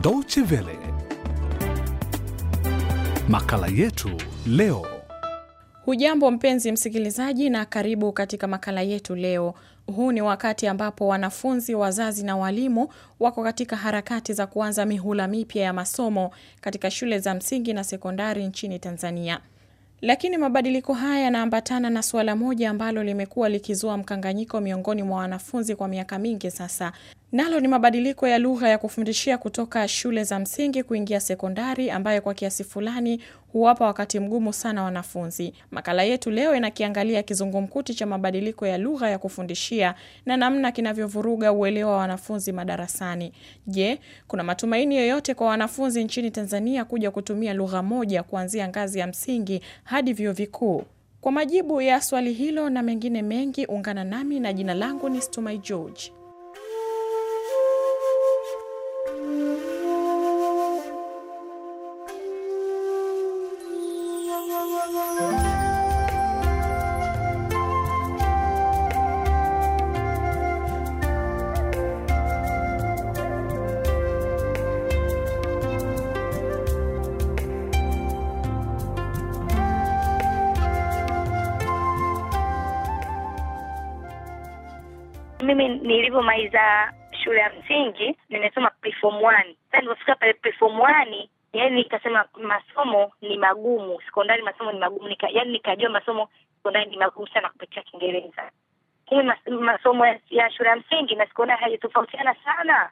Dolce Vele. Makala yetu leo. Hujambo mpenzi msikilizaji na karibu katika makala yetu leo. Huu ni wakati ambapo wanafunzi, wazazi na walimu wako katika harakati za kuanza mihula mipya ya masomo katika shule za msingi na sekondari nchini Tanzania. Lakini mabadiliko haya yanaambatana na suala moja ambalo limekuwa likizua mkanganyiko miongoni mwa wanafunzi kwa miaka mingi sasa. Nalo ni mabadiliko ya lugha ya kufundishia kutoka shule za msingi kuingia sekondari ambayo kwa kiasi fulani huwapa wakati mgumu sana wanafunzi. Makala yetu leo inakiangalia kizungumkuti cha mabadiliko ya lugha ya kufundishia na namna kinavyovuruga uelewa wa wanafunzi madarasani. Je, kuna matumaini yoyote kwa wanafunzi nchini Tanzania kuja kutumia lugha moja kuanzia ngazi ya msingi hadi vyuo vikuu. Kwa majibu ya swali hilo na mengine mengi, ungana nami na jina langu ni Stumai George. mimi nilivyomaliza shule ya msingi nimesoma Sasa nilipofika pale yani nikasema masomo ni magumu, sekondari masomo ni magumu nika, yani nikajua masomo sekondari ni magumu sana kupitia Kiingereza. Kumbe mas, masomo ya, ya shule ya msingi na sekondari hayatofautiana sana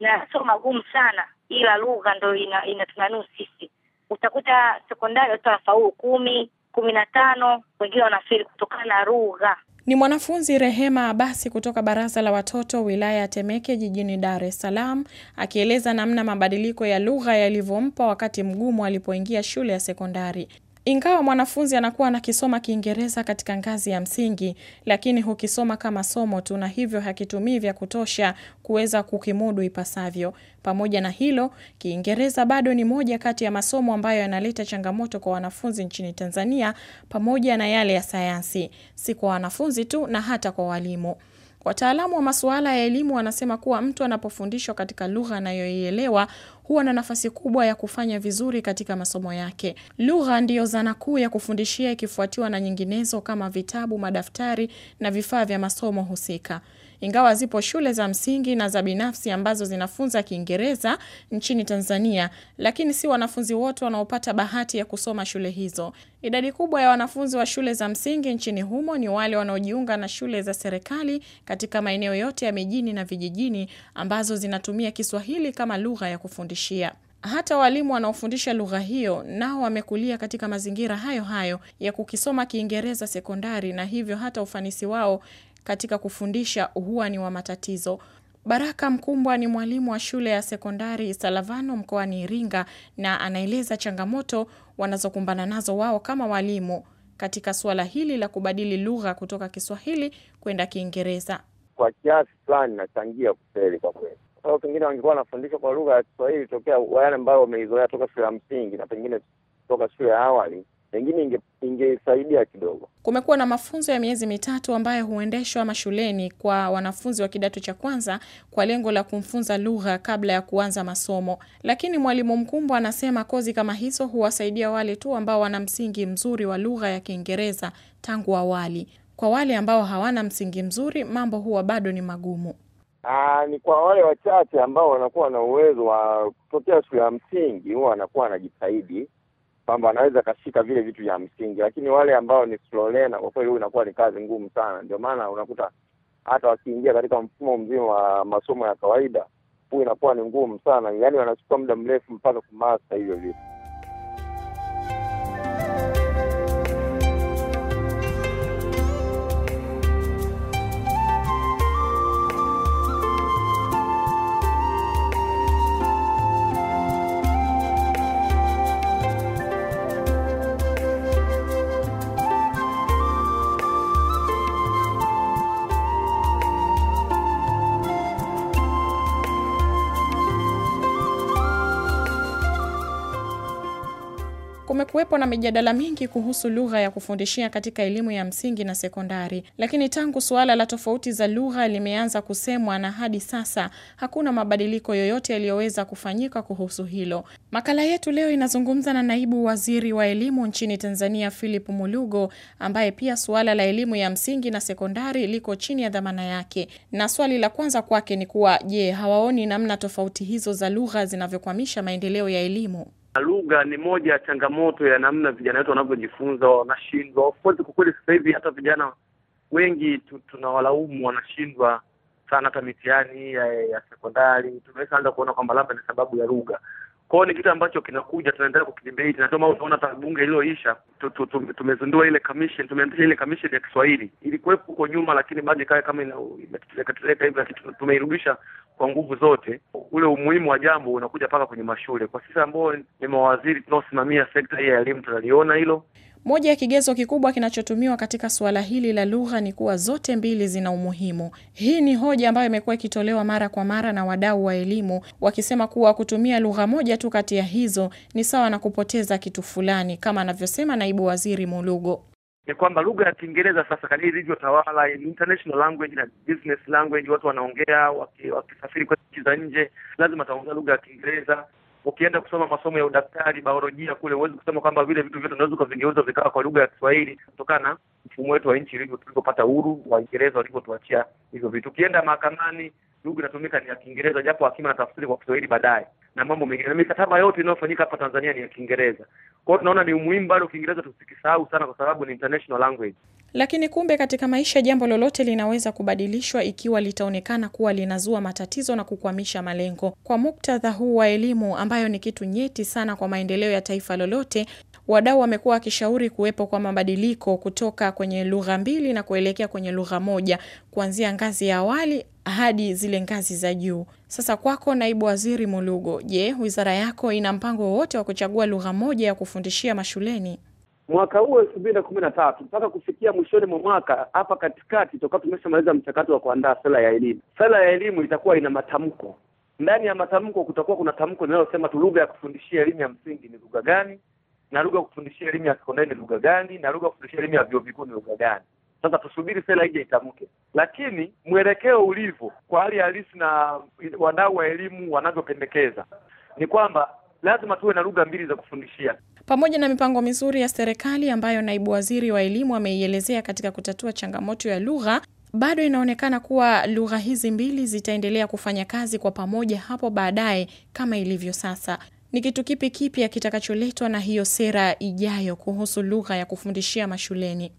na sio magumu sana, ila lugha ndo ina, sisi. Utakuta sekondari watu kumi kumi na tano, wengine wanafeli kutokana na lugha. Ni mwanafunzi Rehema Abasi kutoka Baraza la Watoto wilaya ya Temeke jijini Dar es Salaam akieleza namna mabadiliko ya lugha yalivyompa wakati mgumu alipoingia shule ya sekondari. Ingawa mwanafunzi anakuwa anakisoma Kiingereza katika ngazi ya msingi, lakini hukisoma kama somo tu na hivyo hakitumii vya kutosha kuweza kukimudu ipasavyo. Pamoja na hilo, Kiingereza bado ni moja kati ya masomo ambayo yanaleta changamoto kwa wanafunzi nchini Tanzania pamoja na yale ya sayansi, si kwa wanafunzi tu na hata kwa walimu. Wataalamu wa masuala ya elimu wanasema kuwa mtu anapofundishwa katika lugha anayoielewa huwa na nafasi kubwa ya kufanya vizuri katika masomo yake. Lugha ndiyo zana kuu ya kufundishia ikifuatiwa na nyinginezo kama vitabu, madaftari na vifaa vya masomo husika. Ingawa zipo shule za msingi na za binafsi ambazo zinafunza Kiingereza nchini Tanzania, lakini si wanafunzi wote wanaopata bahati ya kusoma shule hizo. Idadi kubwa ya wanafunzi wa shule za msingi nchini humo ni wale wanaojiunga na shule za serikali katika maeneo yote ya mijini na vijijini ambazo zinatumia Kiswahili kama lugha ya kufundishia. Hata walimu wanaofundisha lugha hiyo nao wamekulia katika mazingira hayo hayo ya kukisoma Kiingereza sekondari na hivyo hata ufanisi wao katika kufundisha huwa ni wa matatizo. Baraka Mkumbwa ni mwalimu wa shule ya sekondari Salavano mkoani Iringa na anaeleza changamoto wanazokumbana nazo wao kama walimu katika suala hili la kubadili lugha kutoka Kiswahili kwenda Kiingereza. Kwa kiasi fulani nachangia kufeli kwa kweli, kwa sababu pengine wangekuwa wanafundishwa kwa lugha ya Kiswahili tokea wale ambao wameizoea toka shule ya msingi na pengine toka shule ya awali pengine inge, ingesaidia kidogo. Kumekuwa na mafunzo ya miezi mitatu ambayo huendeshwa mashuleni kwa wanafunzi wa kidato cha kwanza kwa lengo la kumfunza lugha kabla ya kuanza masomo, lakini mwalimu Mkumbwa anasema kozi kama hizo huwasaidia wale tu ambao wana msingi mzuri wa lugha ya Kiingereza tangu awali. Kwa wale ambao hawana msingi mzuri, mambo huwa bado ni magumu. Aa, ah, ni kwa wale wachache ambao wanakuwa na uwezo wa kutokea shule ya msingi, huwa wanakuwa wanajitahidi kwamba anaweza akashika vile vitu vya msingi, lakini wale ambao ni slow learner, kwa kweli huyu inakuwa ni kazi ngumu sana. Ndio maana unakuta hata wakiingia katika mfumo mzima wa masomo ya kawaida, huyu inakuwa ni ngumu sana, yaani wanachukua muda mrefu mpaka kumasa hivyo vitu. Kumekuwepo na mijadala mingi kuhusu lugha ya kufundishia katika elimu ya msingi na sekondari, lakini tangu suala la tofauti za lugha limeanza kusemwa na hadi sasa hakuna mabadiliko yoyote yaliyoweza kufanyika kuhusu hilo. Makala yetu leo inazungumza na naibu waziri wa elimu nchini Tanzania, Philip Mulugo, ambaye pia suala la elimu ya msingi na sekondari liko chini ya dhamana yake, na swali la kwanza kwake ni kuwa je, hawaoni namna tofauti hizo za lugha zinavyokwamisha maendeleo ya elimu? Lugha ni moja ya changamoto ya namna vijana wetu wanavyojifunza, wanashindwa. Of course, kwa kweli sasa hivi hata vijana wengi tunawalaumu, wanashindwa sana hata mitihani ya, ya sekondari. Tunaweza anza kuona kwamba labda ni sababu ya lugha kwao ni kitu ambacho kinakuja, tunaendelea kukidibeti na ndio maana unaona hata bunge lililoisha tumezindua ile commission, tumeanzisha ile commission ya Kiswahili. Ilikuwepo huko nyuma, lakini bado ikawa kama inatetereka hivi, lakini tumeirudisha kwa nguvu zote. Ule umuhimu wa jambo unakuja paka kwenye mashule. Kwa sisi ambao ni mawaziri tunaosimamia sekta hii ya elimu tunaliona hilo. Moja ya kigezo kikubwa kinachotumiwa katika suala hili la lugha ni kuwa zote mbili zina umuhimu. Hii ni hoja ambayo imekuwa ikitolewa mara kwa mara na wadau wa elimu wakisema kuwa kutumia lugha moja tu kati ya hizo ni sawa na kupoteza kitu fulani, kama anavyosema naibu waziri Mulugo ni kwamba lugha ya Kiingereza sasa kadiri ilivyotawala international language na business language, watu wanaongea wakisafiri waki kwenda nchi za nje, lazima ataongea lugha ya Kiingereza ukienda kusoma masomo ya udaktari, biolojia kule, huwezi kusema kwamba vile vitu vyote unaweza ukavigeuza vikawa kwa lugha ya Kiswahili kutokana na mfumo wetu wa nchi tulipopata uhuru, Waingereza walivyotuachia hivyo vitu. Ukienda mahakamani lugha inatumika ni ya Kiingereza, japo hakima na tafsiri kwa Kiswahili baadaye na mambo mengine, na mikataba yote inayofanyika hapa Tanzania ni ya Kiingereza. Kwa hiyo tunaona ni umuhimu bado Kiingereza tusikisahau sana, kwa sababu ni international language. Lakini kumbe katika maisha jambo lolote linaweza kubadilishwa ikiwa litaonekana kuwa linazua matatizo na kukwamisha malengo. Kwa muktadha huu wa elimu ambayo ni kitu nyeti sana kwa maendeleo ya taifa lolote, wadau wamekuwa wakishauri kuwepo kwa mabadiliko kutoka kwenye lugha mbili na kuelekea kwenye lugha moja kuanzia ngazi ya awali hadi zile ngazi za juu. Sasa kwako, naibu waziri Mulugo, je, wizara yako ina mpango wowote wa kuchagua lugha moja ya kufundishia mashuleni? mwaka huu elfu mbili na kumi na tatu mpaka kufikia mwishoni mwa mwaka hapa katikati, tutakuwa tumeshamaliza mchakato wa kuandaa sera ya elimu. Sera ya elimu itakuwa ina matamko. Ndani ya matamko kutakuwa kuna tamko linalosema tu lugha ya kufundishia elimu ya msingi ni lugha gani, na lugha ya kufundishia elimu ya sekondari ni lugha gani, na lugha ya kufundishia elimu ya vyuo vikuu ni lugha gani. Sasa tusubiri sera ije itamke, lakini mwelekeo ulivyo kwa hali halisi na wadau wa elimu wanavyopendekeza ni kwamba lazima tuwe na lugha mbili za kufundishia, pamoja na mipango mizuri ya serikali ambayo naibu waziri wa elimu ameielezea katika kutatua changamoto ya lugha bado inaonekana kuwa lugha hizi mbili zitaendelea kufanya kazi kwa pamoja hapo baadaye kama ilivyo sasa. Ni kitu kipi kipya kitakacholetwa na hiyo sera ijayo kuhusu lugha ya kufundishia mashuleni?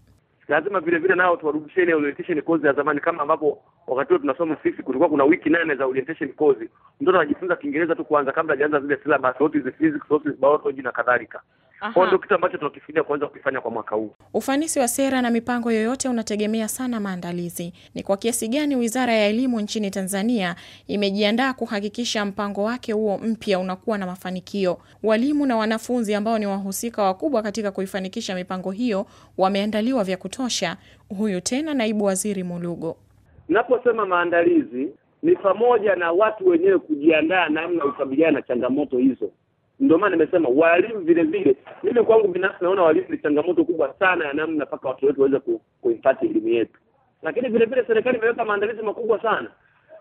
lazima vile vile nao tuwarudisheni orientation course ya zamani, kama ambapo wakati huo tunasoma sisi kulikuwa kuna wiki nane za orientation course. Mtoto anajifunza Kiingereza tu kwanza kabla hajaanza zile syllabus zote, physics, zote biology na kadhalika. Kwa ndio kitu ambacho tunakifikiria kuanza kukifanya kwa mwaka huu. Ufanisi wa sera na mipango yoyote unategemea sana maandalizi. Ni kwa kiasi gani Wizara ya Elimu nchini Tanzania imejiandaa kuhakikisha mpango wake huo mpya unakuwa na mafanikio? Walimu na wanafunzi ambao ni wahusika wakubwa katika kuifanikisha mipango hiyo wameandaliwa vya kutosha? Huyu tena Naibu Waziri Mulugo. Naposema maandalizi ni pamoja na watu wenyewe kujiandaa namna kukabiliana na changamoto hizo ndio maana nimesema walimu vile vile mimi kwangu binafsi naona walimu ni changamoto kubwa sana ya namna mpaka watu wetu waweze kuipata elimu yetu lakini vile vile serikali imeweka maandalizi makubwa sana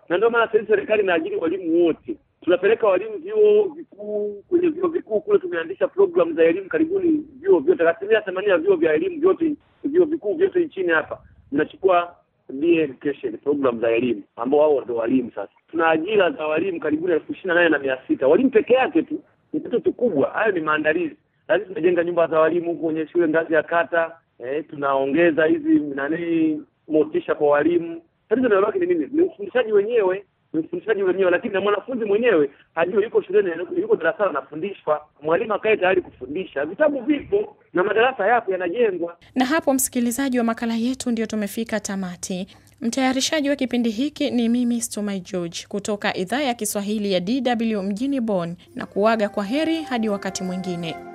na ndio maana sasa serikali inaajiri walimu wote tunapeleka walimu vyuo vikuu kwenye vyuo vikuu kule tumeandisha program za elimu karibuni vyuo vyote asilimia themanini ya vyuo vya elimu vyote vyuo vikuu vyote nchini hapa vinachukua BA education program za elimu ambao wao ndio walimu sasa tuna ajira za walimu karibuni elfu ishirini na nane na mia sita walimu peke yake tu ni kitu kikubwa hayo ni maandalizi Lazima tunajenga nyumba za walimu huko kwenye shule ngazi ya kata eh, tunaongeza hizi nani motisha kwa walimu tatizo nalo ni nini ni ufundishaji wenyewe ni ufundishaji wenyewe lakini na mwanafunzi mwenyewe hajui yuko shuleni yuko darasani anafundishwa mwalimu akae tayari kufundisha vitabu vipo na madarasa yapo yanajengwa na hapo msikilizaji wa makala yetu ndio tumefika tamati Mtayarishaji wa kipindi hiki ni mimi Stumai George kutoka idhaa ya Kiswahili ya DW mjini Bonn, na kuaga kwa heri hadi wakati mwingine.